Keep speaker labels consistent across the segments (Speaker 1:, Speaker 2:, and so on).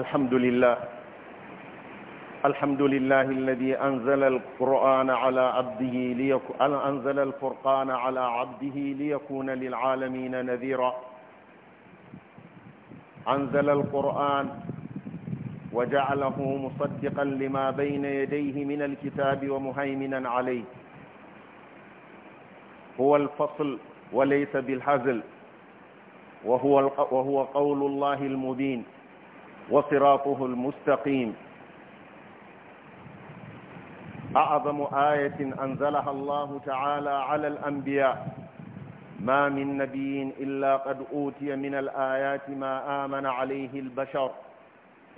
Speaker 1: الحمد لله الحمد لله الذي أنزل القرآن على عبده ليك... أنزل الفرقان على عبده ليكون للعالمين نذيرا أنزل القرآن وجعله مصدقا لما بين يديه من الكتاب ومهيمنا عليه هو الفصل وليس بالحزل وهو, وهو قول الله المبين وصراطه المستقيم أعظم آية أنزلها الله تعالى على الأنبياء ما من نبي إلا قد أوتي من الآيات ما آمن عليه البشر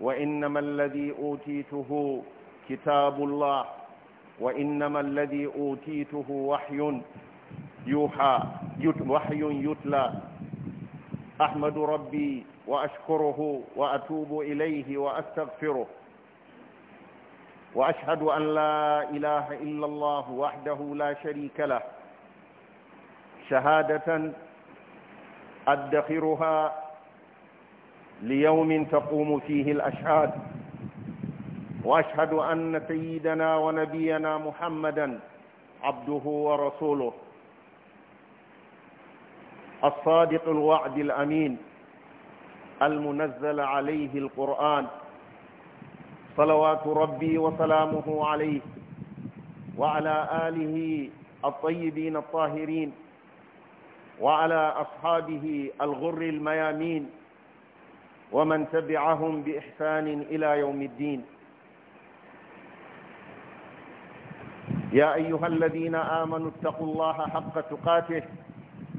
Speaker 1: وإنما الذي أوتيته كتاب الله وإنما الذي أوتيته وحي يوحى وحي يتلى أحمد ربي وأشكره وأتوب إليه وأستغفره وأشهد أن لا إله إلا الله وحده لا شريك له شهادة أدخرها ليوم تقوم فيه الأشهاد وأشهد أن سيدنا ونبينا محمدا عبده ورسوله الصادق الوعد الأمين المنزل عليه القرآن صلوات ربي وسلامه عليه وعلى آله الطيبين الطاهرين وعلى أصحابه الغر الميامين ومن تبعهم بإحسان إلى يوم الدين يا أيها الذين آمنوا اتقوا الله حق تقاته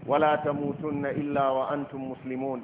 Speaker 1: ولا تموتن إلا وأنتم مسلمون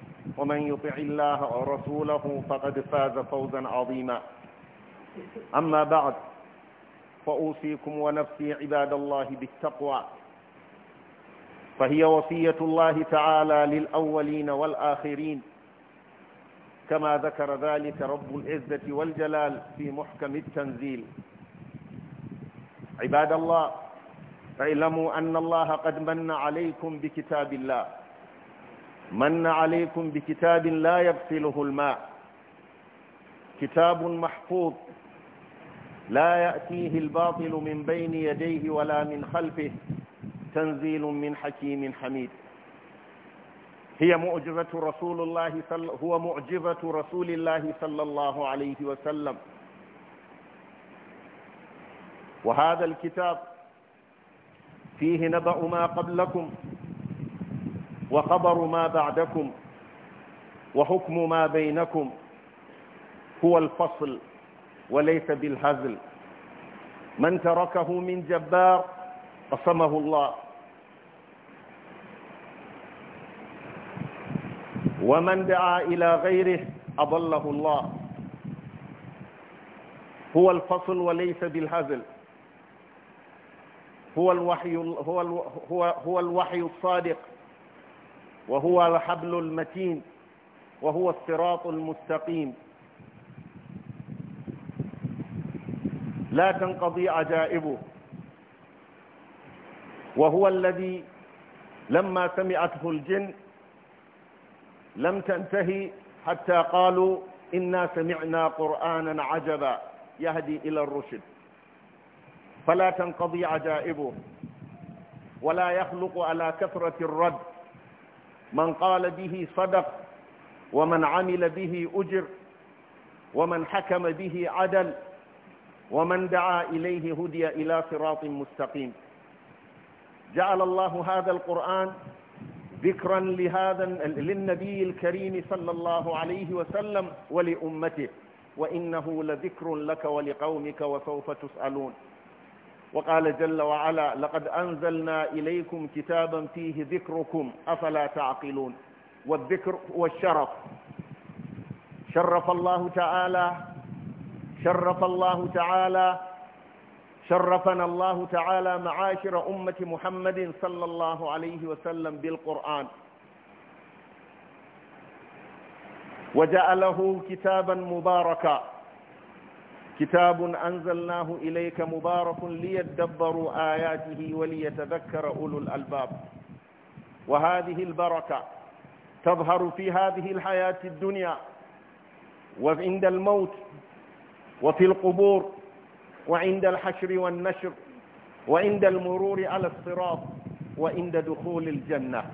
Speaker 1: ومن يطع الله ورسوله فقد فاز فوزا عظيما أما بعد فأوصيكم ونفسي عباد الله بالتقوى فهي وصية الله تعالى للأولين والآخرين كما ذكر ذلك رب العزة والجلال في محكم التنزيل عباد الله فاعلموا أن الله قد من عليكم بكتاب الله من عليكم بكتاب لا يغسله الماء كتاب محفوظ لا يأتيه الباطل من بين يديه ولا من خلفه تنزيل من حكيم حميد هي معجزة رسول الله صل... هو معجزة رسول الله صلى الله عليه وسلم وهذا الكتاب فيه نبأ ما قبلكم وخبر ما بعدكم وحكم ما بينكم هو الفصل وليس بالهزل من تركه من جبار قسمه الله ومن دعا إلى غيره أضله الله هو الفصل وليس بالهزل هو الوحي هو هو هو الوحي الصادق وهو الحبل المتين وهو الصراط المستقيم لا تنقضي عجائبه وهو الذي لما سمعته الجن لم تنتهي حتى قالوا إنا سمعنا قرآنا عجبا يهدي إلى الرشد فلا تنقضي عجائبه ولا يخلق على كثرة الرد من قال به صدق ومن عمل به أجر ومن حكم به عدل ومن دعا إليه هدي إلى صراط مستقيم جعل الله هذا القرآن ذكرا لهذا للنبي الكريم صلى الله عليه وسلم ولأمته وإنه لذكر لك ولقومك وسوف تسألون وقال جل وعلا لقد أنزلنا إليكم كتابا فيه ذكركم أفلا تعقلون والذكر والشرف شرف الله تعالى شرف الله تعالى شرفنا الله تعالى معاشر أمة محمد صلى الله عليه وسلم بالقرآن وجعله كتابا مباركا كتاب أنزلناه إليك مبارك ليدبروا آياته وليتذكر أولو الألباب وهذه البركة تظهر في هذه الحياة الدنيا وعند الموت وفي القبور وعند الحشر والنشر وعند المرور على الصراط وعند دخول الجنة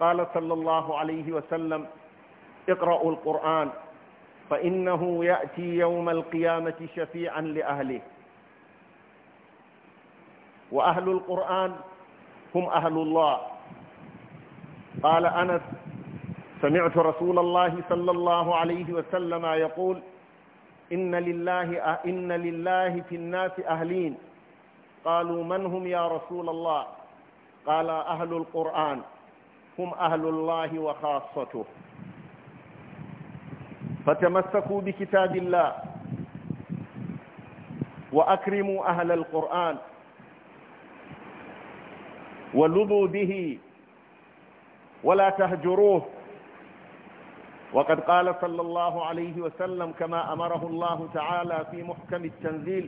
Speaker 1: قال صلى الله عليه وسلم اقرأوا القرآن فإنه يأتي يوم القيامة شفيعا لأهله وأهل القرآن هم أهل الله قال أنس سمعت رسول الله صلى الله عليه وسلم يقول إن لله, إن لله في الناس أهلين قالوا من هم يا رسول الله قال أهل القرآن هم أهل الله وخاصته فتمسكوا بكتاب الله وأكرموا أهل القرآن ولضوا به ولا تهجروه وقد قال صلى الله عليه وسلم كما أمره الله تعالى في محكم التنزيل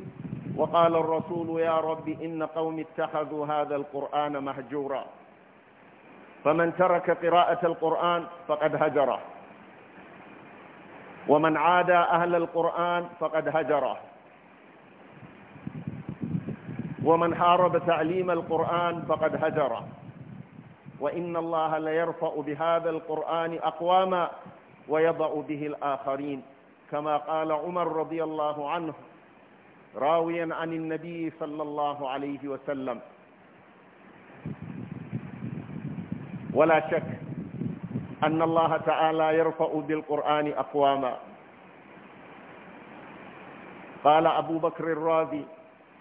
Speaker 1: وقال الرسول يا رب إن قوم اتخذوا هذا القرآن مهجورا فمن ترك قراءة القرآن فقد هجره ومن عادى أهل القرآن فقد هجره ومن حارب تعليم القرآن فقد هجره وإن الله ليرفع بهذا القرآن أقواما ويضع به الآخرين كما قال عمر رضي الله عنه راويا عن النبي صلى الله عليه وسلم ولا شك أن الله تعالى يرفع بالقرآن أقواما قال أبو بكر الرازي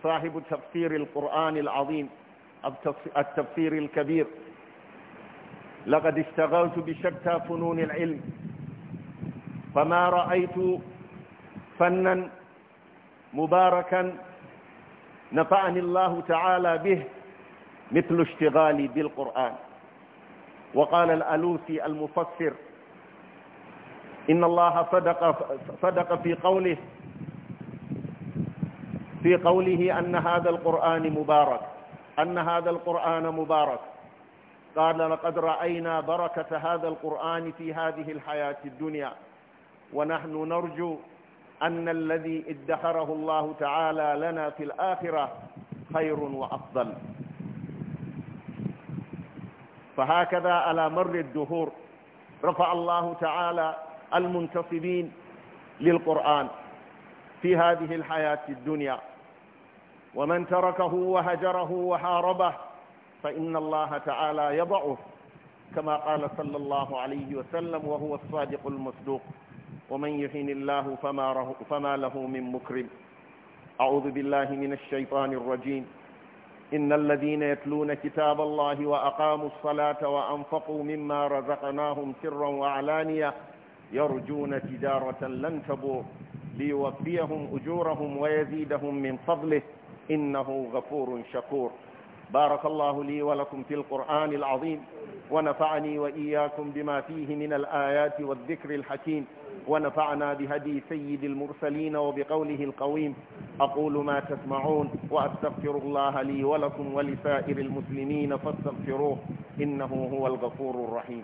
Speaker 1: صاحب تفسير القرآن العظيم التفسير الكبير لقد اشتغلت بشتى فنون العلم فما رأيت فنا مباركا نفعني الله تعالى به مثل اشتغالي بالقرآن وقال الألوسي المفسر إن الله صدق, صدق في قوله في قوله أن هذا القرآن مبارك أن هذا القرآن مبارك قال لقد رأينا بركة هذا القرآن في هذه الحياة الدنيا ونحن نرجو أن الذي ادخره الله تعالى لنا في الآخرة خير وأفضل فهكذا على مر الدهور رفع الله تعالى المنتصبين للقرآن في هذه الحياة الدنيا ومن تركه وهجره وحاربه فإن الله تعالى يضعه كما قال صلى الله عليه وسلم وهو الصادق المصدوق ومن يهن الله فما, فما له من مكرم أعوذ بالله من الشيطان الرجيم إن الذين يتلون كتاب الله وأقاموا الصلاة وأنفقوا مما رزقناهم سرا وعلانية يرجون تجارة لن تبور ليوفيهم أجورهم ويزيدهم من فضله إنه غفور شكور بارك الله لي ولكم في القرآن العظيم ونفعني وإياكم بما فيه من الآيات والذكر الحكيم ونفعنا بهدي سيد المرسلين وبقوله القويم أقول ما تسمعون وأستغفر الله لي ولكم ولسائر المسلمين فاستغفروه إنه هو الغفور الرحيم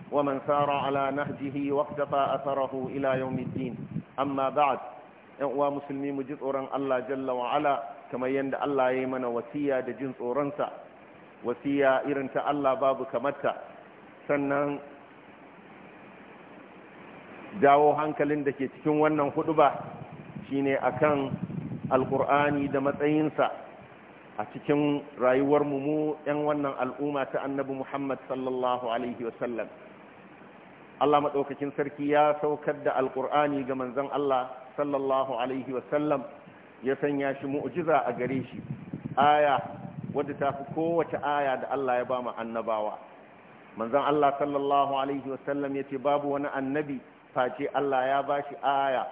Speaker 1: ومن سار على نهجه واقتفى أثره إلى يوم الدين أما بعد ومسلمين جزء الله جل وعلا كما يند الله يمن وسيا دجنس أورنسا wasiya irin ta Allah babu kamata sannan jawo hankalin da ke cikin wannan huduba shine akan alkur'ani da matsayinsa a cikin rayuwar mu mu wannan al'umma ta annabi Muhammad sallallahu alaihi Allah maɗaukakin sarki ya saukar da alƙur'ani ga manzon Allah sallallahu alaihi wasallam ya sanya shi mu'jiza a gare shi aya wadda ta fi kowace aya da Allah ya ba mu annabawa manzon Allah sallallahu alaihi wasallam ya ce babu wani annabi face Allah ya ba shi aya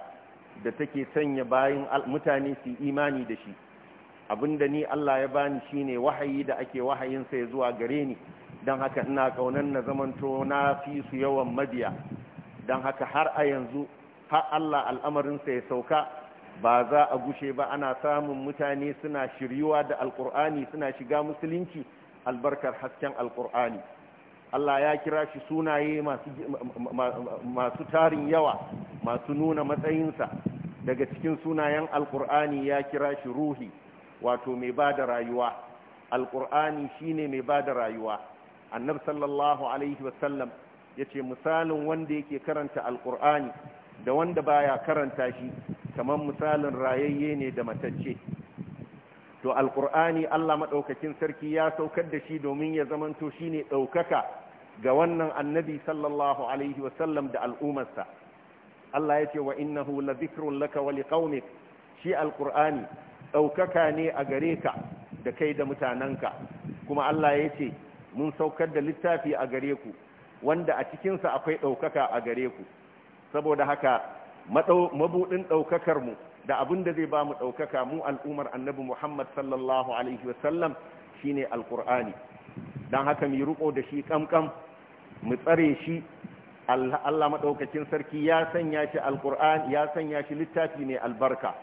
Speaker 1: da take sanya bayin mutane su imani da shi abinda ni Allah ya bani shine wahayi da ake wahayin sai zuwa gare ni don haka ina kaunan na zamanto na fi su yawan mabiya don haka har a yanzu har Allah al'amarinsa ya sauka ba za a gushe ba ana samun mutane suna shiryuwa da alkur'ani suna shiga musulunci albarkar hasken alkur'ani Allah ya kira shi sunaye masu tarin yawa masu nuna matsayinsa daga cikin sunayen alkur'ani ya kira shi ruhi wato mai bada da rayuwa alkur'ani shine mai bada rayuwa annab sallallahu alaihi wasallam ya ce misalin wanda yake karanta alkur'ani da wanda baya karanta shi kamar misalin rayayye ne da matacce to alkur'ani allah maɗaukakin sarki ya saukar da shi domin ya zamanto shi ne ɗaukaka ga wannan annabi sallallahu alaihi wasallam da al'ummarsa allah ya ce wa innahu la zikrun laka wa liqaumik shi alkur'ani ɗaukaka ne a gare ka da kai da mutanenka kuma allah ya ce mun saukar da littafi a gare ku wanda a cikinsa akwai ɗaukaka a gare ku saboda haka mabuɗin ɗaukakarmu da abin da zai ba mu ɗaukaka mu al'umar annabi muhammad sallallahu alaihi wasallam shi ne alƙur'ani don haka mai riƙo da shi ƙamƙam mu tsare shi allah maɗaukacin sarki ya sanya shi alƙur'ani ya sanya shi littafi ne albarka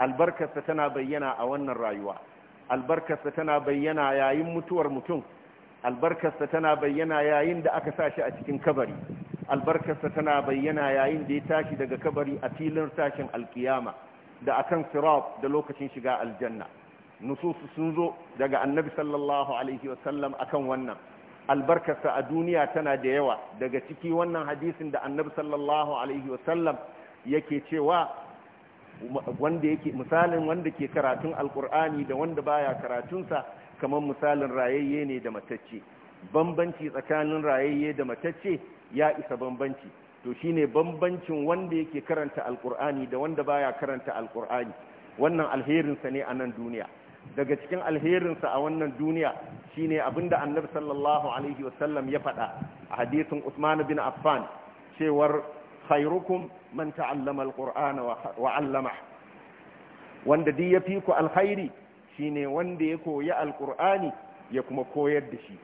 Speaker 1: albarkarsa tana bayyana a wannan rayuwa albarkarsa tana bayyana yayin mutuwar mutum albarkarsa tana bayyana yayin da aka sa shi a cikin kabari albarkarsa tana bayyana yayin da ya tashi daga kabari a filin tashin alkiyama da akan sirat da lokacin shiga aljanna nususu sun zo daga annabi sallallahu alaihi wasallam akan wannan albarkarsa a duniya tana da yawa daga ciki wannan hadisin da annabi sallallahu alaihi wasallam yake cewa wanda yake misalin wanda ke karatun alkur'ani da wanda baya karatunsa kamar misalin rayayye ne da matacce bambanci tsakanin rayayye da matacce ya isa bambanci to shine bambancin wanda yake karanta alkur'ani da wanda baya karanta alkur'ani wannan alherinsa ne a nan duniya daga cikin alherinsa a wannan duniya shine abinda annabi sallallahu alaihi wasallam ya faɗa a hadisin Usman bin Affan cewar khairukum man ta'allama alqur'ana wa 'allama wanda duk yafi ku alkhairi shine wanda ya koyi alkur'ani ya kuma koyar da shi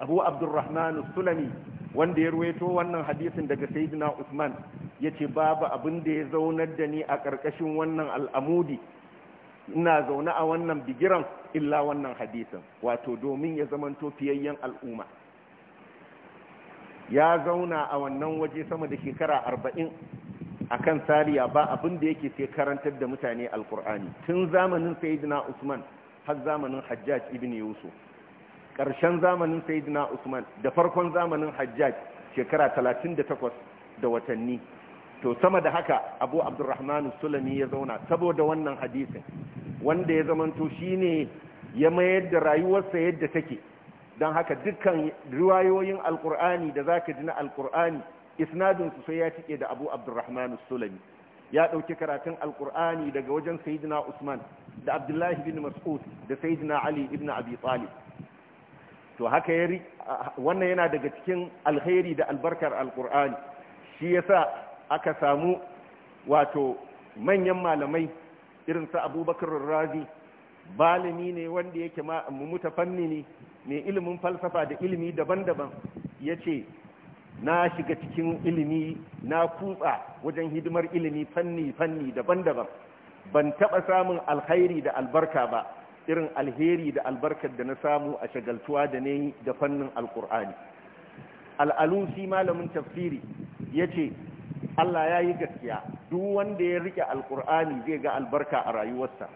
Speaker 1: abu abdurrahman sulami wanda ya ruwaito wannan hadisin daga sayyidina usman ya ce, babu abin da ya zaunar da ni a ƙarƙashin wannan al'amudi ina zaune a wannan bigiran illa wannan hadisin wato domin ya zamanto fiyayyen al'umma ya zauna a wannan waje sama da shekara arba'in akan sariya ba abin da yake sai karantar da mutane alkur'ani tun zamanin sayyidina usman har zamanin hajjaj ibn yusuf ƙarshen zamanin sayyidina usman da farkon zamanin hajjaj shekara 38 da watanni to sama da haka abu abdurrahman sulami ya zauna saboda wannan hadisin wanda ya zamanto shine ya mayar da rayuwarsa yadda take don haka dukkan riwayoyin alkur'ani da zaka ji na alkur'ani isnadin su sai ya cike da Abu Abdurrahman Sulami ya ɗauki karatun alqur'ani daga wajen sayyidina Usman da Abdullahi bin Mas'ud da sayyidina Ali ibn Abi Talib to haka ya wannan yana daga cikin alkhairi da albarkar alqur'ani shi yasa aka samu wato manyan malamai irin su Abubakar Razi balimi ne wanda yake mutafanni ne mai ilimin falsafa da ilimi daban-daban ya ce na shiga cikin ilimi na kutsa wajen hidimar ilimi fanni-fanni daban-daban ban taɓa samun alkhairi da albarka ba irin alheri da albarkar da na samu a shagaltuwa da ne da fannin alkur'ani al'alusi malamin tafsiri ya ce allah ya yi gaskiya duk wanda ya rike alkur'ani zai ga albarka a rayuwarsa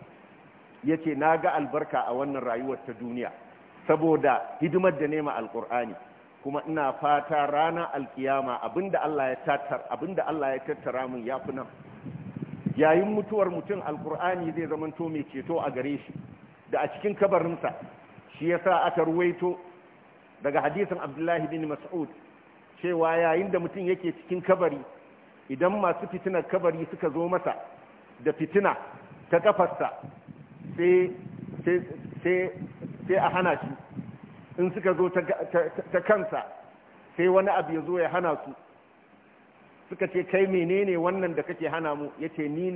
Speaker 1: ya ce na ga albarka a wannan rayuwar ta duniya saboda hidimar da nema alkur'ani kuma ina fata ranar alkiyama abinda Allah ya tattar abinda Allah ya tattara min yafi nan yayin mutuwar mutum alkur'ani zai zamanto mai ceto a gare shi da a cikin kabarinsa shi yasa aka ruwaito daga hadisin Abdullahi bin Mas'ud cewa yayin da mutum yake cikin kabari idan masu fitinar kabari suka zo masa da fitina ta kafarsa sai a hana shi in suka zo ta kansa sai wani abu ya zo ya hana su suka ce kai menene wannan da kake hana mu yace ni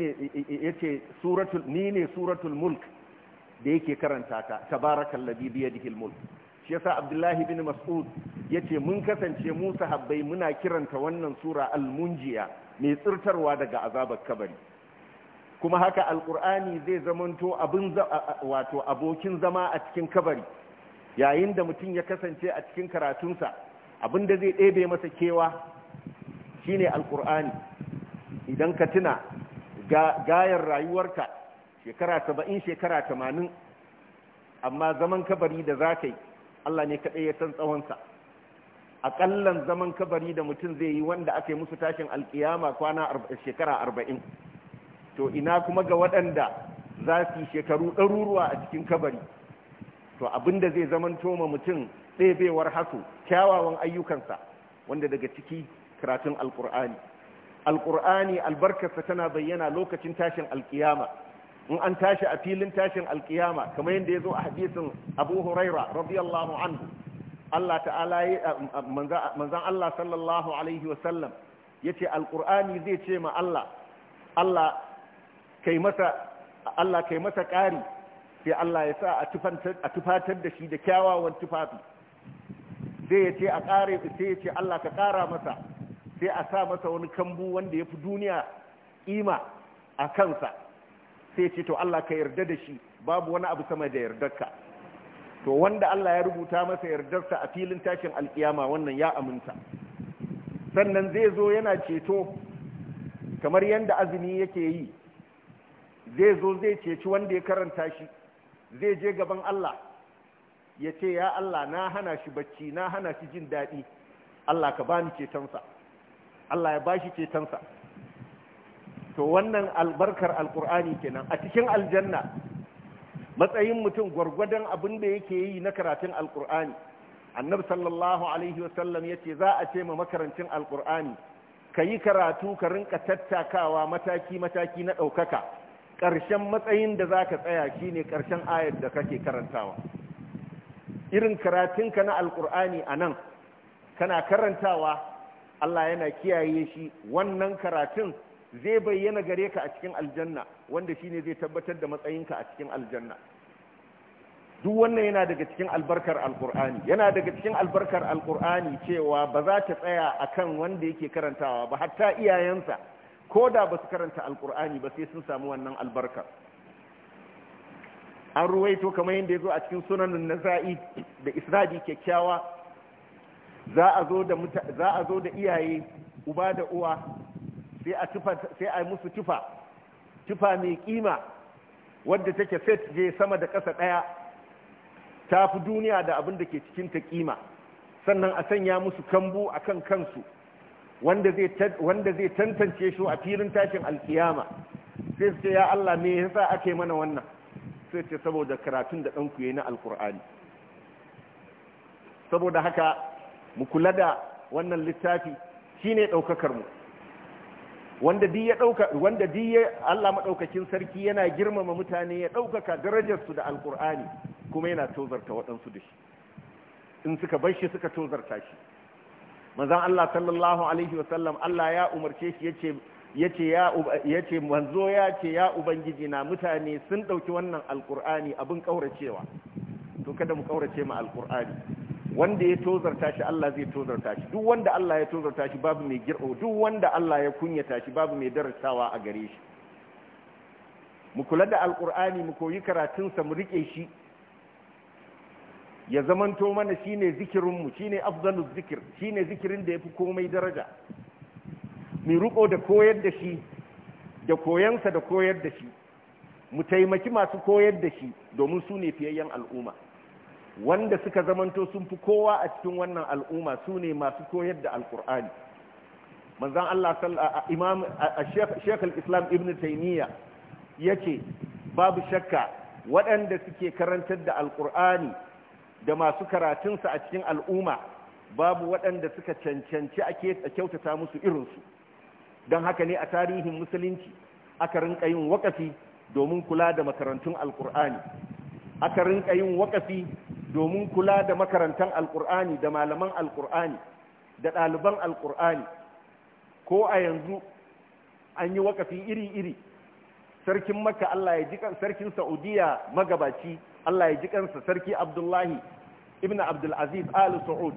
Speaker 1: suratul ni ne suratul mulk da yake karanta ta tabarakan ladhi bi yadihi mulk shi yasa abdullahi bin mas'ud yace mun kasance mu sahabbai muna kiranta wannan sura almunjiya mai tsirtarwa daga azabar kabari kuma haka Alkur'ani zai zamanto abin wato abokin zama a cikin kabari yayin da mutum ya kasance a cikin karatunsa abinda zai ɗebe masa kewa shine alkur'ani idan ka tuna gayar rayuwarka shekara saba'in shekara tamanin amma zaman kabari da za ka yi allah ne kaɗai ya san tsawonsa aƙallan zaman kabari da mutum zai yi wanda aka yi musu tashin alƙiyama kwana shekara arba'in to ina kuma ga waɗanda za su yi shekaru ɗaruruwa a cikin kabari to abin da zai zamanto ma mutum ɗebewar hasu kyawawan ayyukansa wanda daga ciki karatun alkur'ani alkur'ani albarkarsa tana bayyana lokacin tashin alkiyama in an tashi a filin tashin alkiyama kamar yadda ya zo a hadisin abu huraira radiyallahu anhu Allah ta'ala manzan Allah sallallahu alaihi wasallam ya ce alkur'ani zai ce ma Allah Allah kai masa ƙari sai Allah ya sa a tufatar da shi da kyawawan tufafi sai ya ce a ƙare sai ya ce Allah ka ƙara masa sai a sa masa wani kambu wanda ya fi duniya ima a kansa sai ce to Allah ka yarda da shi babu wani abu sama da yardarka to wanda Allah ya rubuta masa yardarsa a filin tashin alkiyama wannan ya aminta sannan zai zo yana ceto kamar yadda azumi yake yi zai zo zai ceci wanda ya karanta shi zai je gaban Allah ya ce ya Allah na hana shi bacci na hana shi jin daɗi Allah ka ni cetonsa Allah ya bashi cetonsa to wannan albarkar alkur'ani kenan a cikin aljanna matsayin mutum gwargwadon abin da yake yi na karatun alkur'ani annabi sallallahu alaihi wasallam ya ce za a ce ma makarancin alkur'ani ka yi karatu ka rinka tattakawa mataki-mataki na ɗaukaka ƙarshen matsayin da za ka tsaya shi ne ƙarshen ayar da kake karantawa irin karatunka na alƙur'ani a nan kana karantawa allah yana kiyaye shi wannan karatun zai bayyana gare ka a cikin aljanna wanda shi ne zai tabbatar da matsayinka a cikin aljanna duk wannan yana daga cikin albarkar Alƙur'ani. yana daga cikin albarkar Alƙur'ani cewa ba za ta tsaya akan wanda yake karantawa ba hatta iyayensa ko da ba su karanta alkur'ani ba sai sun samu wannan albarkar an ruwaito kamar yadda ya zo a cikin sunanin na za'i da isradi kyakkyawa za a zo da iyaye uba da uwa sai a musu tufa tufa mai kima wadda take set je sama da ƙasa ɗaya ta fi duniya da abin da ke cikin ta kima sannan a sanya musu kambu a kan kansu wanda zai tantance shi a filin tashin alkiyama sai su ce ya Allah me yasa ake mana wannan sai ce saboda karatun da ɗanku ya yi na alkur'ani saboda haka mu kula da wannan littafi shine ne mu wanda di ya dauka wanda bi ya Allah madaukakin sarki yana girmama mutane ya ɗaukaka darajarsu da alkur'ani kuma yana tozarta waɗansu da shi in suka bar shi suka tozarta shi manzon Allah sallallahu alaihi wasallam Allah ya umarce shi yace yace ya yace manzo ya ce ya ubangiji na mutane sun dauki wannan alqur'ani abin kauracewa to kada mu kaurace ma alqur'ani wanda ya tozarta shi Allah zai tozarta shi duk wanda Allah ya tozarta shi babu mai girbo duk wanda Allah ya kunyata shi babu mai darasawa a gare shi mu kula da alqur'ani mu koyi karatun sa mu rike shi ya zamanto mana shine zikirinmu shine afdalus zikir shine zikirin da ya fi komai daraja mu ruko da koyar da shi da koyansa da koyar da shi mu taimaki masu koyar da shi domin su ne fiyayyen al'umma wanda suka zamanto sun fi kowa a cikin wannan al'umma su ne masu koyar da alkur'ani manzan Allah imam Sheikh al-Islam Ibn Taymiyyah yace babu shakka waɗanda suke karantar da alkur'ani da masu karatunsa a cikin al'umma babu waɗanda suka cancanci a kyautata musu irinsu don haka ne a tarihin musulunci aka rinka yin wakafi domin kula da makarantun alkur'ani aka rinka yin wakafi domin kula da makarantan alkur'ani da malaman alkur'ani da ɗaliban alkur'ani ko a yanzu an yi wakafi iri-iri sarkin maka Allah ya ji kan sarkin saudiya magabaci Allah ya ji kansa sarki abdullahi ibn abdul aziz al saud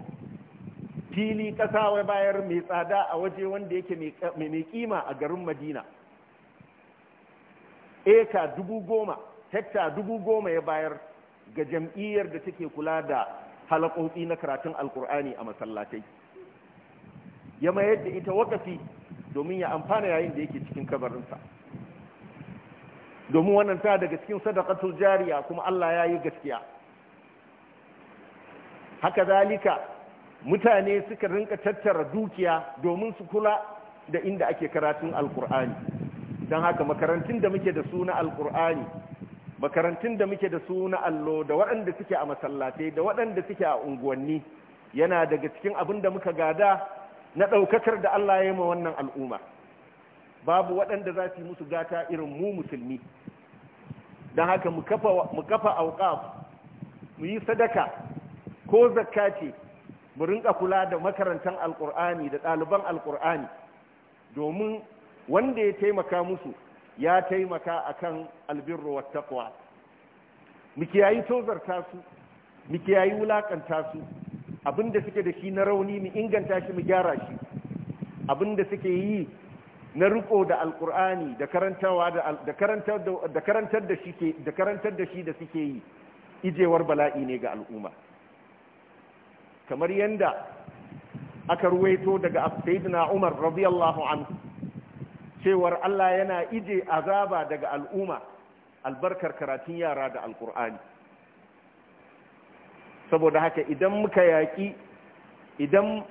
Speaker 1: fili kasa bayar mai tsada a waje wanda yake mai kima a garin madina eka dubu goma hekta dubu goma ya bayar ga jam'iyyar da take kula da halakoki na karatun alkur'ani a masallatai ya mayar da ita wakafi domin ya amfana yayin da yake cikin kabarinsa domin wannan ta daga cikin sadaqatul jariya kuma Allah ya yi gaskiya haka zalika mutane suka rinka tattara dukiya domin su kula da inda ake karatun alkur'ani don haka makarantun da muke da su na alkur'ani makarantun da muke da su na allo da waɗanda suke a masallatai da waɗanda suke a unguwanni yana daga cikin abin da muka gada na ɗaukakar da Allah ya yi ma wannan al'umma babu waɗanda za su yi musu gata irin mu musulmi don haka mu kafa auƙaf mu yi sadaka ko zakka mu rinka kula da makarantar alƙur'ani da ɗaliban alƙur'ani domin wanda ya taimaka musu ya taimaka a kan wa taƙwa mu kiyayi tozarta su mu kiyayi wulakanta su abinda suke da shi na rauni mu inganta shi mu gyara shi abinda suke yi na riko da alkur'ani da karantar da shi da suke yi ijewar bala'i ne ga al'umma kamar yadda aka ruwaito daga sayyidina Umar radiyallahu anhu cewar Allah yana ije azaba daga al'umma albarkar karatun yara da alkur'ani saboda haka idan muka yaki idan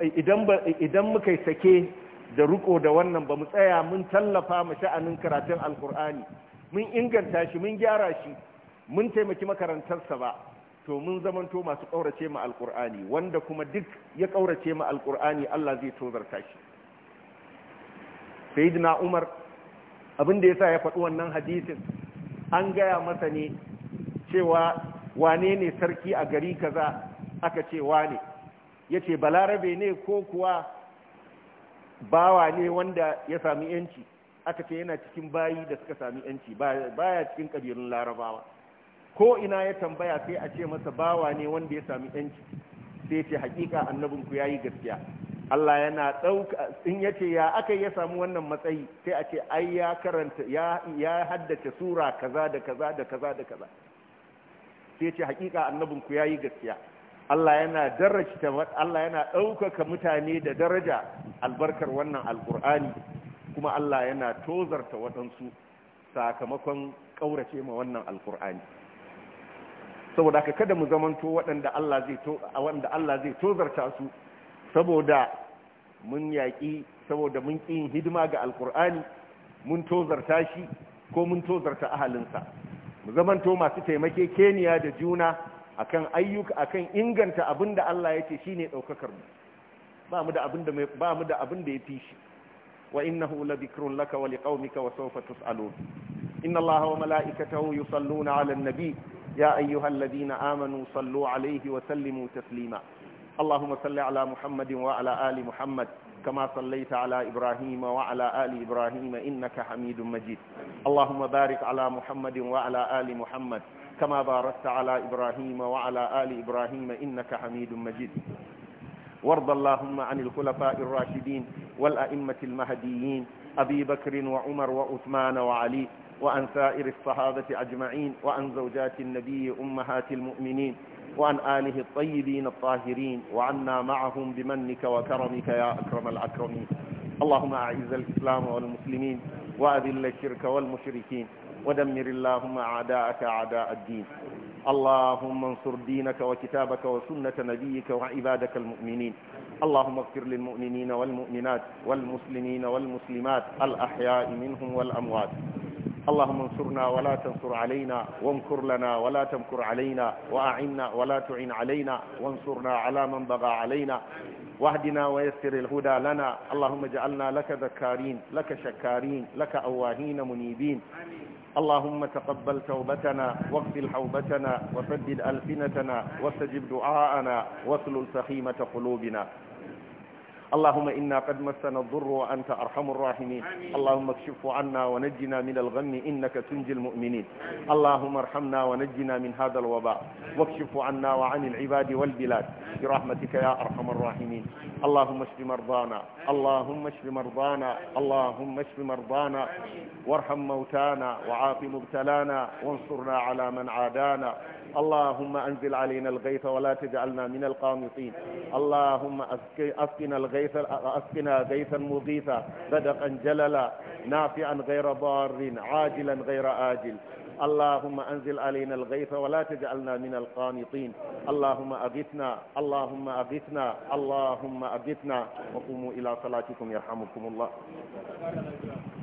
Speaker 1: muka sake da riko da wannan ba mu tsaya mun tallafa mu sha'anin karatun alkur'ani mun inganta shi mun gyara shi mun taimaki makarantarsa ba to mun zamanto masu ƙaurace mu alkur'ani wanda kuma duk ya ƙaurace ma alkur'ani Allah zai tozarta shi sayyidina Umar abin da yasa ya faɗi wannan hadisin an gaya masa ne cewa wane ne sarki a gari kaza aka ce wane yace balarabe ne ko kuwa bawa ne wanda ya sami yanci aka ce yana cikin bayi da suka sami yanci baya cikin kabilun larabawa ko ina ya tambaya sai a ce masa bawa ne wanda ya sami yanci sai ce hakika annabin ku yayi gaskiya Allah yana dauka in yace ya aka ya samu wannan matsayi sai a ce ai ya karanta ya ya haddace sura kaza da kaza da kaza da kaza sai ce hakika annabin ku yayi gaskiya Allah yana ta Allah yana ɗaukaka mutane da daraja albarkar wannan alkur'ani kuma Allah yana tozarta waɗansu sakamakon ƙaurace ma wannan alkur'ani saboda ka kada mu zamanto waɗanda Allah zai tozarta su saboda mun yaƙi saboda mun ƙi hidima ga alkur'ani mun tozarta shi ko mun tozarta ahalinsa mu zamanto masu taimake keniya da juna akan ayyuka akan inganta abin da Allah ya ce shine daukakar mu ba mu da abin da ba mu da abin da ya fi shi wa innahu la dhikrun laka wa liqaumika wa sawfa tus'alun inna Allaha wa mala'ikatahu yusalluna ala an nabi ya ayyuhalladhina amanu sallu 'alayhi wa sallimu taslima allahumma salli ala muhammadin wa ala ali muhammad كما صليت على إبراهيم وعلى آل إبراهيم إنك حميد مجيد اللهم بارك على محمد وعلى آل محمد كما باركت على إبراهيم وعلى آل إبراهيم إنك حميد مجيد وارض اللهم عن الخلفاء الراشدين والأئمة المهديين أبي بكر وعمر وعثمان وعلي وعن سائر الصحابة أجمعين وعن زوجات النبي أمهات المؤمنين وعن آله الطيبين الطاهرين وعنا معهم بمنك وكرمك يا أكرم الأكرمين اللهم أعز الإسلام والمسلمين وأذل الشرك والمشركين ودمر اللهم أعداءك أعداء الدين اللهم انصر دينك وكتابك وسنة نبيك وعبادك المؤمنين اللهم اغفر للمؤمنين والمؤمنات والمسلمين والمسلمات الأحياء منهم والأموات اللهم انصرنا ولا تنصر علينا وامكر لنا ولا تمكر علينا وأعنا ولا تعن علينا وانصرنا على من بغى علينا واهدنا ويسر الهدى لنا اللهم اجعلنا لك ذكارين لك شكارين لك أواهين منيبين اللهم تقبل توبتنا واغفر حوبتنا وسدد ألسنتنا واستجب دعاءنا واسلل سخيمة قلوبنا اللهم إنا قد مسنا الضر وأنت أرحم الراحمين اللهم اكشف عنا ونجنا من الغم إنك تنجي المؤمنين اللهم ارحمنا ونجنا من هذا الوباء واكشف عنا وعن العباد والبلاد برحمتك يا أرحم الراحمين اللهم اشف مرضانا اللهم اشف مرضانا اللهم اشف مرضانا وارحم موتانا وعاف مبتلانا وانصرنا على من عادانا اللهم أنزل علينا الغيث ولا تجعلنا من القانطين اللهم أسقنا الغيث أسقنا غيثا مغيثا بدقا جللا نافعا غير ضار عاجلا غير آجل اللهم أنزل علينا الغيث ولا تجعلنا من القانطين اللهم أغثنا اللهم أغثنا اللهم أغثنا وقوموا إلى صلاتكم يرحمكم الله